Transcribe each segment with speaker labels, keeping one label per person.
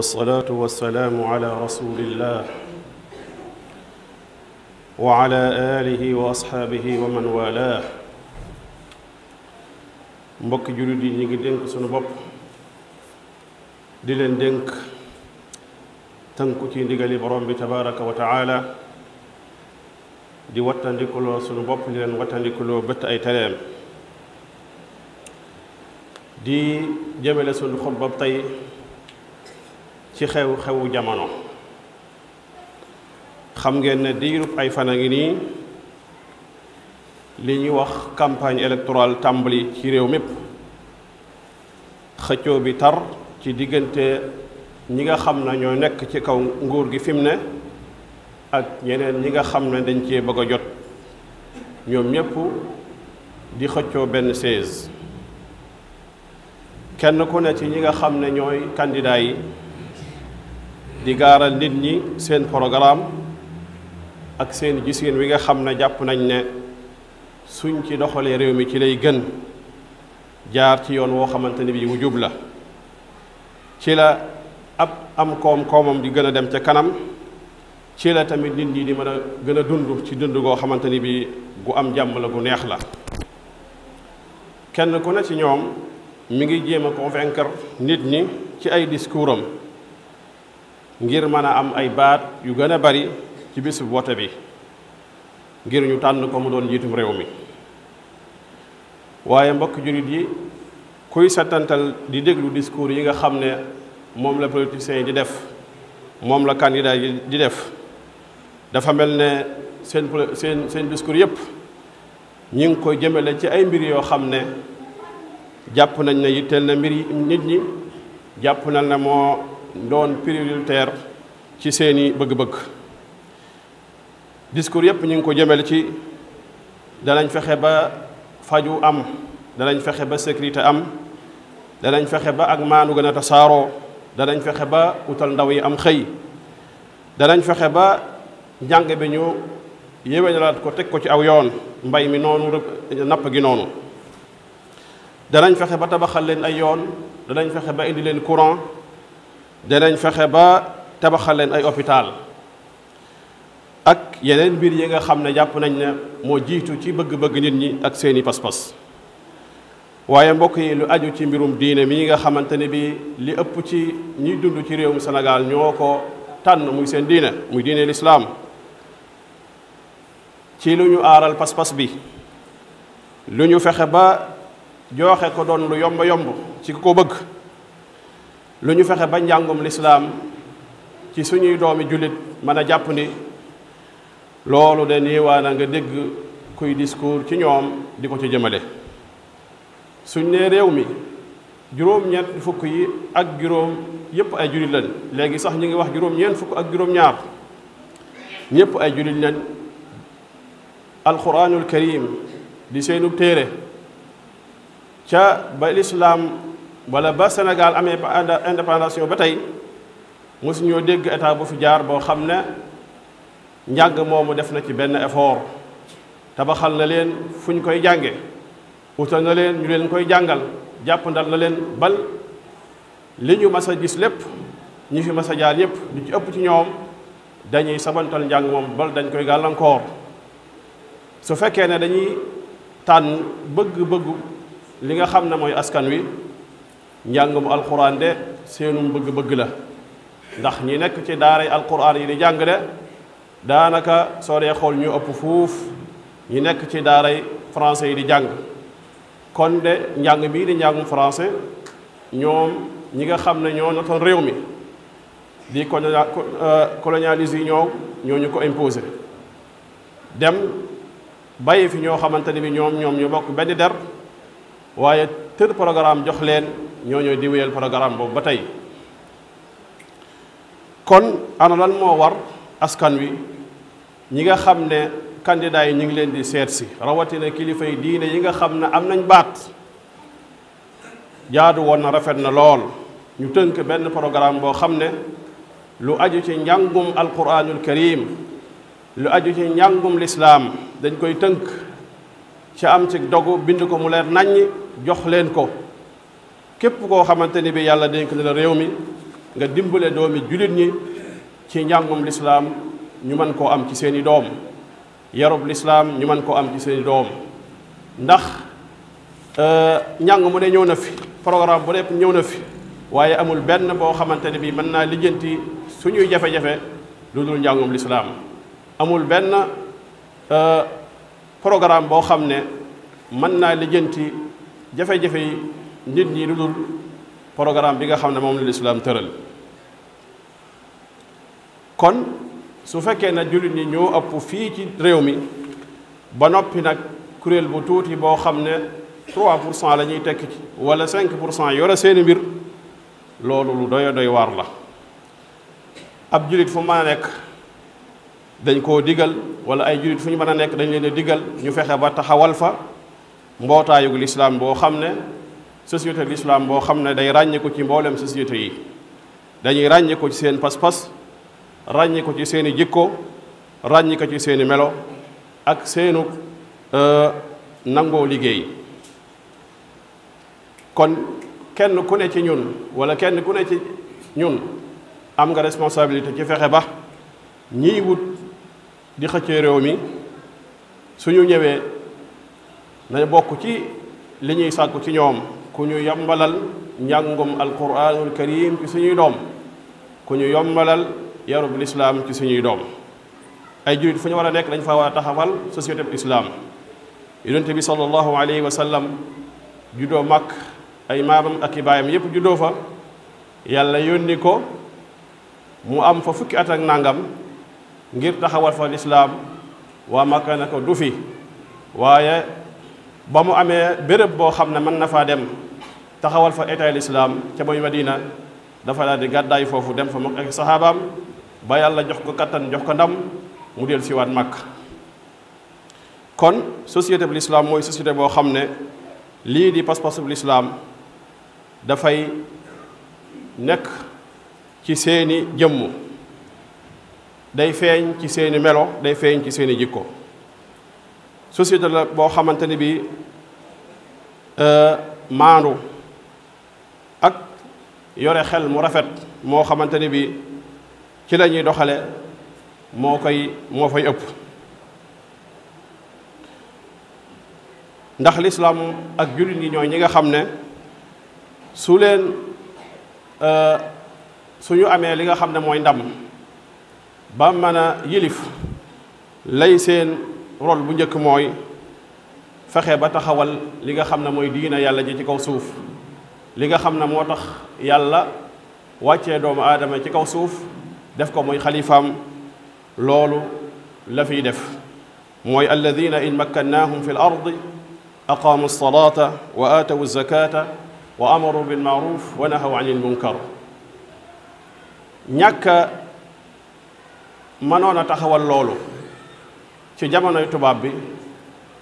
Speaker 1: والصلاة والسلام على رسول الله وعلى آله وأصحابه ومن والاه mbokki yi ñu ngi dénk sunu bopp di leen dénk tënku ci ndigali borom bi tabaraka wa taala di wattandikuloo sunu bopp di leen wattandikuloo bët ay tereem di jëmale sunu xutba tey ci xew-xewu jamono xam ngeen ne diirub ay fan a ngi nii li ñuy wax campagne électorale tàmbali ci réew mépp xëccoo bi tar ci diggante ñi nga xam ne ñoo nekk ci kaw nguur gi fi mu ne ak ñeneen ñi nga xam ne dañ cee bëgg a jot ñoom ñépp di xëccoo benn chaise kenn ku ne ci ñi nga xam ne ñooy candidat yi di gaaral nit ñi seen programme ak seen gisiin wi nga xam ne jàpp nañ ne suñ ci doxalee réew mi ci lay gën jaar ci yoon woo xamante ne bii wu jub la ci la ab am koom-koomam di gën a dem ca kanam ci la tamit nit ñi di mën a gën a dund ci dund goo xamante ni bii gu am jàmm la gu neex la kenn ku ne ci ñoom mu ngi jéem a convaincre nit ñi ci ay discours am ngir mën a am ay baat yu gën a bari ci bisu wote bi ngir ñu tànn ko mu doon njiitum réew mi waaye mbokk jullit yi kuy setantal di déglu discours yi nga xam ne moom la politiciens yi di def moom la candidat yi di def dafa mel ne seen seen seen discours yépp ñu ngi koy jëmale ci ay mbir yoo xam ne jàpp nañ ne yitteel na mbir nit ñi jàpp nañ na moo doon prioritaire ci seeni bëgg-bëgg discours yépp ñu ngi ko jëmel ci danañ fexe ba faju am danañ fexe ba sécurité am danañ fexe ba ak maanu gën a tasaaroo danañ fexe ba utal ndaw yi am xëy danañ fexe ba njàng bi ñu yéwénalaat ko teg ko ci aw yoon mbay mi noonu napp gi noonu danañ fexe ba tabaxal leen ay yoon danañ fexe ba indi leen courant danañ fexe ba tabaxal leen ay hôpital ak yeneen mbir yi nga xam ne jàpp nañ ne moo jiitu ci bëgg-bëgg nit ñi ak seeni pas-pas waaye mbokk yi lu aju ci mbirum diine mi nga xamante ne bi li ëpp ci ñiy dund ci réewum senegal ñoo ko tànn muy seen diine muy diine lislaam ci lu ñu aaral pas-pas bi lu ñu fexe ba jooxe ko doon lu yomb yomb ci ko bëgg lu ñu fexe ba njàngum lislaam ci suñuy doomi jullit mën a jàpp ni loolu da niiwaa na nga dégg kuy discours ci ñoom di ko ci jëmale suñ ne réew mi juróom-ñett fukk yi ak juróom yépp ay jullit lañ léegi sax ñu ngi wax juróom-ñeent fukk ak juróom-ñaar ñépp ay jullit lañ alquranul karim di seenu téere ca ba lislaam wala ba Sénégal amee indépendance ba tey mosuñoo dégg état bu fi jaar boo xam ne njàng moomu def na ci benn effort tabaxal na leen fu ñu koy jànge wutal na leen ñu leen koy jàngal jàppandal na leen bal li ñu mas gis lépp ñu fi mas a jaar ñëpp lu ci ëpp ci ñoom dañuy sabantal njàng moom bal dañ koy gàllankoor su fekkee ne dañuy tànn bëgg-bëggu li nga xam ne mooy askan wi njàngum alquran de seenum bëgg-bëgg la ndax ñi nekk ci daaray alquran yi di jàng de daanaka soo dee xool ñu ëpp fuuf ñi nekk ci daaray français yi di jàng kon de njàng bii di njàngum français ñoom ñi nga xam ne ñoo notoon réew mi di colonialise yi ñoo ñoo ñu ko imposé dem bàyyi fi ñoo xamante ne bi ñoom ñoom ñu bokk benn der waaye tër programme jox leen ñoo di wéyal programme boobu ba tey kon ana moo war askan wi ñi nga xam ne candidats yi ñu ngi leen di seet si rawatina kilifa yi diine yi nga xam ne am nañ baat jaadu woon na rafet na lool ñu tënk benn programme boo xam ne lu aju ci njàngum alquranul karim lu aju ci njàngum lislaam dañ koy tënk ci am ci dogu bind ko mu leen naññ jox leen ko képp koo xamante ni bi yàlla denk na la réew mi nga dimbale doomi jullit ñi ci njàngum lislaam ñu mën koo am ci seeni doom yarub lislaam ñu mën koo am ci seeni doom ndax euh, njàng mu ne ñëw na fi programme bu nekk ñëw na fi waaye amul benn boo xamante ne bi mën naa lijjanti suñuy jafe-jafe lu dul njàngum lislaam amul benn euh, programme boo xam ne mën naa lijjanti jafe-jafe yi nit ñi lu dul programme bi nga xam ne moom la lislaam tëral kon su fekkee na jullit ñi ñoo ëpp fii ci réew mi ba noppi nag kuréel bu tuuti boo xam ne 3 pour cent la ñuy tekki ci wala 5 pour cent yore seeni mbir loolu lu doy doy waar la ab jullit fu mën a nekk dañ koo digal wala ay jullit fu ñu mën a nekk dañ leen diggal ñu fexe ba taxawal fa mbootaayug lislaam boo xam ne société l'islam boo xam ne day ràññee ci mboolem société yi dañuy ràññee ci seen pas-pas ràññee ko ci seen i jikko ràññee ci seeni melo ak seenu euh, nangoo liggéey kon kenn ku ne ci ñun wala kenn ku ne ci ñun am nga responsabilité ci fexe ba ñiy wut di xëccee réew mi suñu ñëwee na bokk ci li ñuy sàkku ci ñoom ku ñu yombalal njàngum alquranul karim ci suñuy doom ku ñu yombalal yarub lislaam ci suñuy doom ay jurit fu ñu war a nekk dañ fa war a taxawal société bu islaam yonente bi sallallahu alayhi wa sallam juddoo mag ay maamam ak i baayam yépp juddoo fa yàlla yónni ko mu am fa fukki atak nangam ngir taxawal fa lislaam waa Makka ko du fi waaye ba mu amee béréb boo xam ne mën na faa dem taxawal fa état lislaam ca mooy Madina dafa laa di gàddaay foofu dem fa mook ak saxaabaam ba yàlla jox ko kattan jox ko ndam mu del siwaat mag kon société bu lislaam mooy société boo xam ne lii di pas-pasu lislaam dafay nekk ci seeni jëmm day feeñ ci seeni melo day feeñ ci seeni jikko société la boo xamante ni bi euh, maandu ak yore xel mu rafet moo xamante ni bi ci la ñuy doxale moo koy moo fay ëpp ndax lislaam ak jullit yi ñooy ñi nga xam ne su leen euh, suñu amee li nga xam ne mooy ndam ba mën a yilif lay seen rôle bu njëkk mooy fexe ba taxawal li nga xam ne mooy diina yàlla ji ci kaw suuf li nga xam ne moo tax yàlla wàccee doomu aadama ci kaw suuf def ko muy xalifaam loolu la fiy def mooy alladina in makkannaahum fi l ardi aqaamu alsalata wa aatawu zakata wa amaru bilmaaruf wa nahaw an il munkar ñàkka mënoon a taxawal loolu ci jamonoy tubaab bi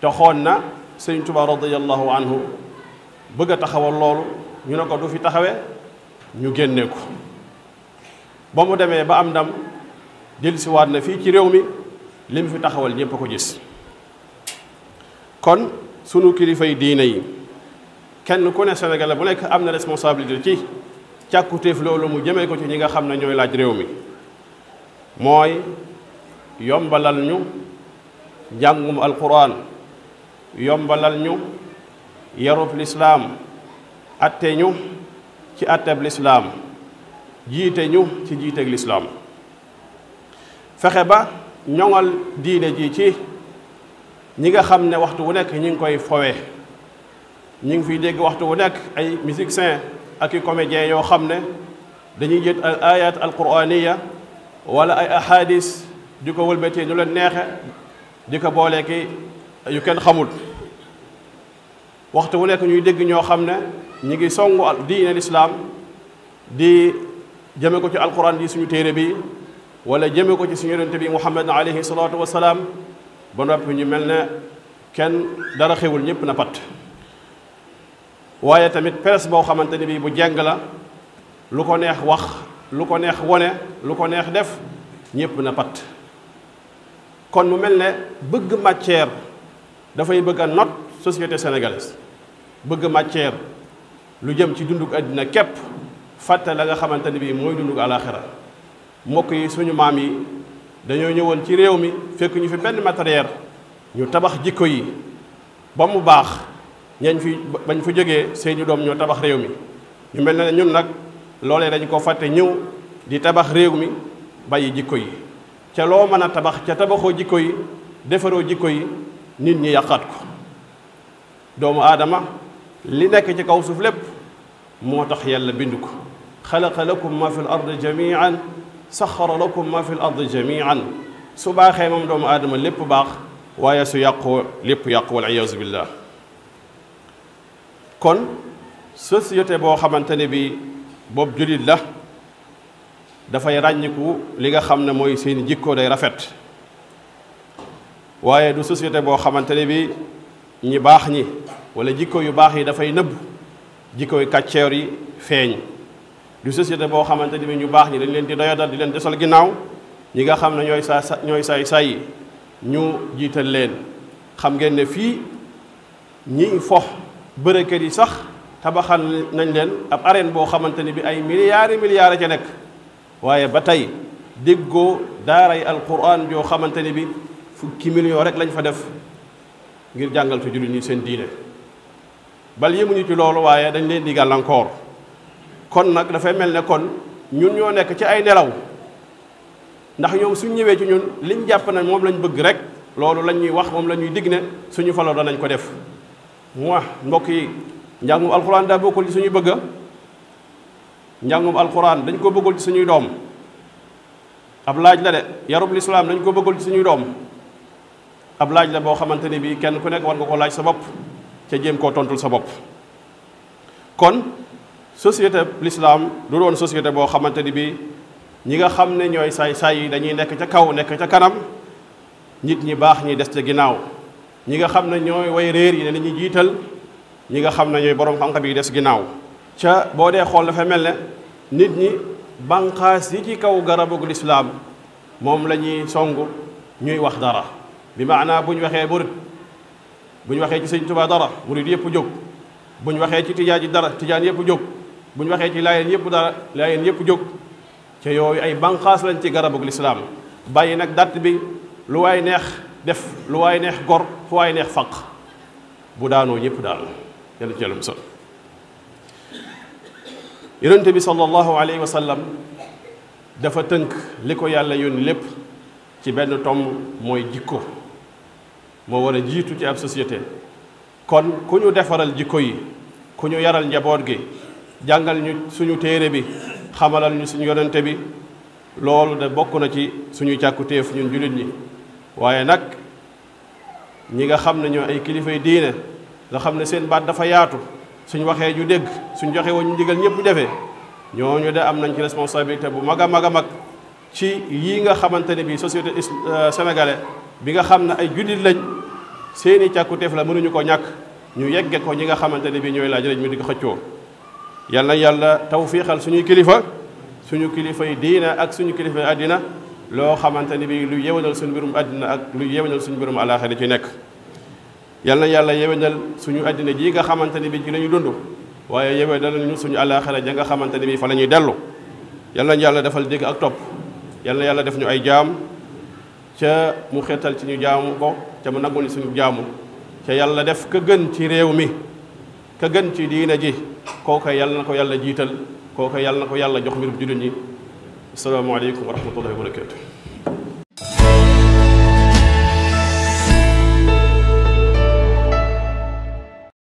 Speaker 1: te xoon na sëñ Tuubaa radiyallahu anhu bëgg a taxawal loolu ñu ne ko du fi taxawe ñu génne ko ba mu demee ba am ndam dellusiwaat na fii ci réew mi li mu fi taxawal ñépp a ko gis kon sunu kilifay diine yi kenn ku ne Sénégalais bu nekk am na responsabilité ci càkkutéef loolu mu jëmee ko ci ñi nga xam ne ñooy laaj réew mi mooy yombalal ñu njàngum alquran yombalal ñu yarub lislaam atte ñu ci atteb lislaam jiite ñu ci jiiteg lislaam fexe ba ñoŋal diine ji ci ñi nga xam ne waxtu wu nekk ñi ngi koy fowe ñi ngi fiy dégg waxtu wu nekk ay musiciens ak i comédiens yoo xam ne dañuy jët al ayat alquraniya wala ay ahadis di ko wëlbatee ñu leen neexe di ko boolee ki yu kenn xamul waxtu wu nekk ñuy dégg ñoo xam ne ñu ngi songu diine lislaam di jëme ko ci alquran di suñu téere bi wala jëme ko ci suñu yonente bi muhammad alayhi salaatu wasalaam ba noppi ñu mel ne kenn dara xewul ñëpp na pat waaye tamit presse boo xamante ni bii bu jeng la lu ko neex wax lu ko neex wone lu ko neex def ñëpp na pat kon mu mel ne bëgg matière dafay bëgg a not société sénégalaise bëgg matière lu jëm ci dunduk àddina képp fàtte la nga xamante ne bii mooy dunduk àlaaxira mbokk yi suñu maam yi dañoo ñëwoon ci réew mi fekk ñu fi benn matériel ñu tabax jikko yi ba mu baax ñañ fi bañ fa jógee seeni doom ñoo tabax réew mi ñu mel ne ñun nag loole dañ ko fàtte ñëw di tabax réew mi bàyyi jikko yi ca loo mën a tabax ca tabaxoo jikko yi defaroo jikko yi nit ñi yàqaat ko doomu aadama li nekk ci kaw suuf lépp moo tax yàlla bind ko xalaqa lakum ma fi l ard jamian saxara lakum ma fi l ard jamian su baaxee moom doomu aadama lépp baax waaye su yàqoo lépp yàqu wal iyaazu billah kon société boo xamante ne bi boobu jullit la dafay ràññiku li nga xam ne mooy seen jikko day rafet waaye du société boo xamante ne bi ñi baax ñi wala jikko yu baax yi dafay nëbb jikko yu kàcceer yi feeñ du société boo xamante ne bi ñu baax ñi dañ leen di doyadal di leen desal ginnaaw ñi nga xam ne ñooy saa ñooy saay saay ñu jiital leen xam ngeen ne fii ñi fox bërëkët yi sax tabaxal nañ leen ab arène boo xamante ne bi ay milliards milliards a ca nekk waaye ba tey déggoo daaray alquran joo xamante ni bi fukki million rek lañ fa def ngir jàngal te jullit seen diine bal yëmuñu ci loolu waaye dañ leen di gàllankoor kon nag dafay mel ne kon ñun ñoo nekk ci ay nelaw ndax ñoom suñ ñëwee ci ñun liñ jàpp nañ moom lañ bëgg rek loolu la ñuy wax moom lañuy ñuy digg ne suñu faloo danañ ko def. mu mbokk yi njàngum alxuraan daa bokkul ci suñu bëgg njàngum alquran dañ ko bëggul ci suñuy doom ab laaj la de yarub lislaam dañ ko bëggul ci suñuy doom ab laaj la boo xamante ni bii kenn ku nekk war nga ko laaj sa bopp ca jéem koo tontul sa bopp kon société l'islam du doon société boo xamante ni bii ñi nga xam ne ñooy saay saay yi dañuy nekk ca kaw nekk ca kanam nit ñi baax ñi des ca ginnaaw ñi nga xam ne ñooy woy réer yi ne nañu jiital ñi nga xam ne ñooy boroom xam-xam yi des ginnaaw ca boo dee xool dafa mel ne nit ñi banqaas yi ci kaw garabug lislaam moom la ñuy song ñuy wax dara bi maanaa bu ñu waxee murit bu ñu waxee ci sëñ Tuubaa dara murit yëpp jóg bu ñu waxee ci tijaan ji dara tijaan yëpp jóg bu ñu waxee ci laayeen yëpp dara laayeen yëpp jóg ca yooyu ay banqaas lañ ci garabu lislaam bàyyi nag dàtt bi lu waay neex def lu waay neex gor fu waay neex faq bu daanoo ñëpp daal yàlla ci yonente bi sallallahu alayhi wa sallam dafa tënk li ko yàlla yónni lépp ci benn tomb mooy jikko moo war a jiitu ci ab société kon ku ñu defaral jikko yi ku ñu yaral njaboot gi jàngal ñu suñu téere bi xamalal ñu suñu yonente bi loolu de bokk na ci suñu càkkutéef ñun jullit ñi waaye nag ñi nga xam ne ñoo ay kilifay diine nga xam ne seen baat dafa yaatu suñ waxee ñu dégg suñ joxe woon ñu ndigal ñëpp defee ñooñu de am nañ ci responsabilité bu mag a mag a mag ci yii nga xamante ne bii société euh, sénégalais bi nga xam ne ay jullit lañ seeni càkkuteef la mënuñu ko ñàkk ñu yegge ko ñi nga xamante ne bii ñooy laaj rek mi di ko xëccoo yal na yàlla tawfiixal suñuy kilifa suñu kilifay diina ak suñu kilifay àddina loo xamante ne bii lu yewenal suñu mbirum àddina ak lu yewenal suñu mbirum alaaxira ci nekk yal na yàlla yewenal suñu àddina ji nga xamante ne bi ci la ñu dund waaye yewenal ñu suñu àllaaxira ja nga xamante ne bi fa la ñuy dellu yal nañu yàlla defal dégg ak topp yal na yàlla def ñu ay jaam ca mu xeetal ci ñu jaamu ko ca mu nangul suñu jaamu ca yàlla def ka gën ci réew mi ka gën ci diina ji kooka yàlla na ko yàlla jiital kooka yàlla na ko yàlla jox mbirub jullit ñi asalaamaaleykum wa rahmatullahi wa